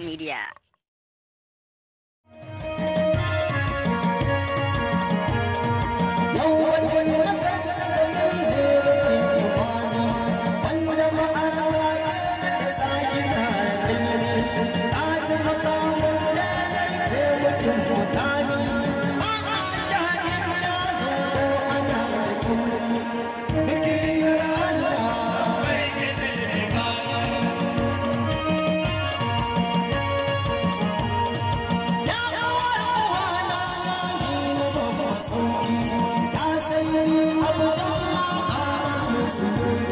Media.